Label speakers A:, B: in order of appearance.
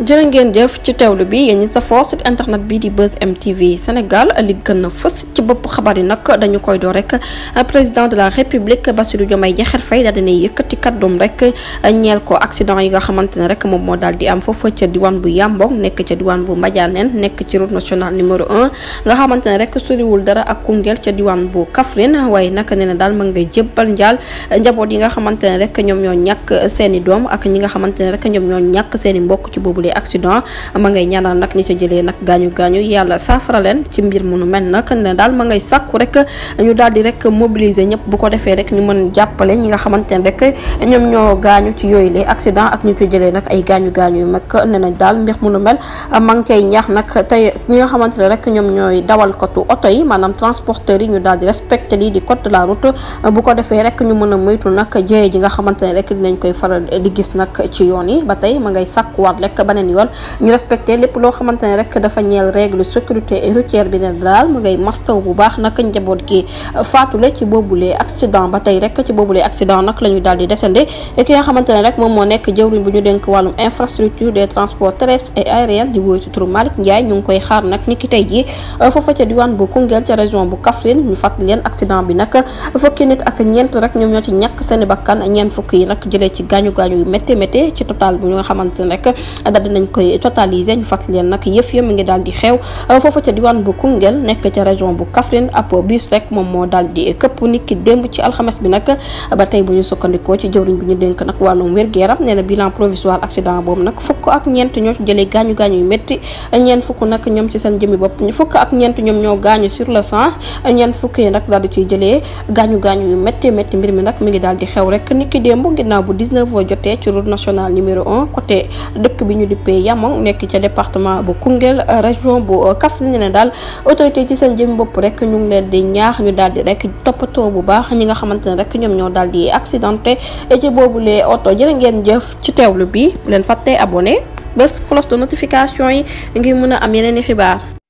A: jërë ngeen jëf ci tewlu bi yéen ñi safoo site internet bi di Buzz MTV Sénégal li gën a fës ci bopp xabar yi nag dañu koy door rek président de la république Bassirou diomay Diakhar fay daal dinay yëkkati kàddoom rek ñeel ko accident yi nga xamante ne rek moom moo daal di am foofa ca diwaan bu Yambong nekk ca diwaan bu Madianen nekk ci route nationale numéro 1 nga xamante ne rek soriwul dara ak Koungheul ca diwaan bu Kaffrine waaye nak nee na daal ma ngay jébbal njaal njaboot yi nga xamante ne rek ñoom ñoo ñàkk seeni doom ak ñi nga xamante ne rek ñoom ñoo ñàkk seeni mbokk ci boobu boobule accident ma ngay ñaanal nag ñi ca jëlee nag gaañu gaañu yàlla saafara leen ci mbir mu nu mel nag daal ma ngay sàkku rek ñu daal di rek mobiliser ñëpp bu ko defee rek ñu mën jàppale ñi nga xamante ne rek ñoom ñoo gaañu ci yooyu le accident ak ñu ko jëlee nag ay gaañu gaañu yu mag ne nañ daal mbir mu nu mel ma ngi cay ñaax nag tey ñi nga xamante ne rek ñoom ñooy dawal kotu oto yi maanaam transporteur yi ñu daal di respecté lii di code la route bu ko defee rek ñu mën a moytu nag jëye ji nga xamante ne rek dinañ koy faral di gis nag ci yoon yi ba tey ma ngay sàkkuwaat rek beneen yoon ñu respecté lépp loo xamante rek dafa ñeel règle sécurité routière bi ne daal mu ngay mastaw bu baax nag njaboot gi faatule ci boobulee accident ba tey rek ci boobulee accident nag la ñu nga koy xaar nag ni tey jii euh, foofa ca diwaan bu Koungheul ca région bu Kaffrine ñu fàttali leen accident bi nag fukki nit ak ñeent rek ñoom ñoo ci ñàkk seen bakkan ñeent fukk yi nag ci gaañu gaañu yu métti métti ci total bu ñu nga xamante dinañ koy totaliser ñu fàttali leen nag yëf ya mi ngi daal di xew euh, foofu ca diwaan bu Koungheul nekk ca région bu Kaffrine ab bus rek moom moo daal di këpp nit ki démb ci alxames bi bu ñu sukkandikoo ci jëwriñ bi ñu nag wàllum wér-gu-yaram nee na bilan boobu nag fukk ak ñeent ñoo ci jëlee gaañu gaañu yu ñoom ci seen jëmi bopp fukk ak ñeent ñoom ñoo gaañu sur le sang ñeen fukk yi nag daal di ciy jëlee gaañu gaañu yu métti métti mbir mi nag mi ngi daal di xew rek nit ki démb ginnaaw bu 19 heures jotee ci route nationale numéro 1 côté dëkk bi ñu duppee Yamang nekk ca département bu Koungheul région bu euh, Kaffrine ne daal autorité ci seen jëm bopp rek ñu ngi leen di ñaax ñu daal di rek toppatoo bu baax ñi nga xamante ne rek ñoom ñoo daal di accidenté ci boobulee oto jërë ngeen jëf ci teewlu bi leen fàttee abonné bés cloche de notification yi ngir mën a am yeneen i xibaar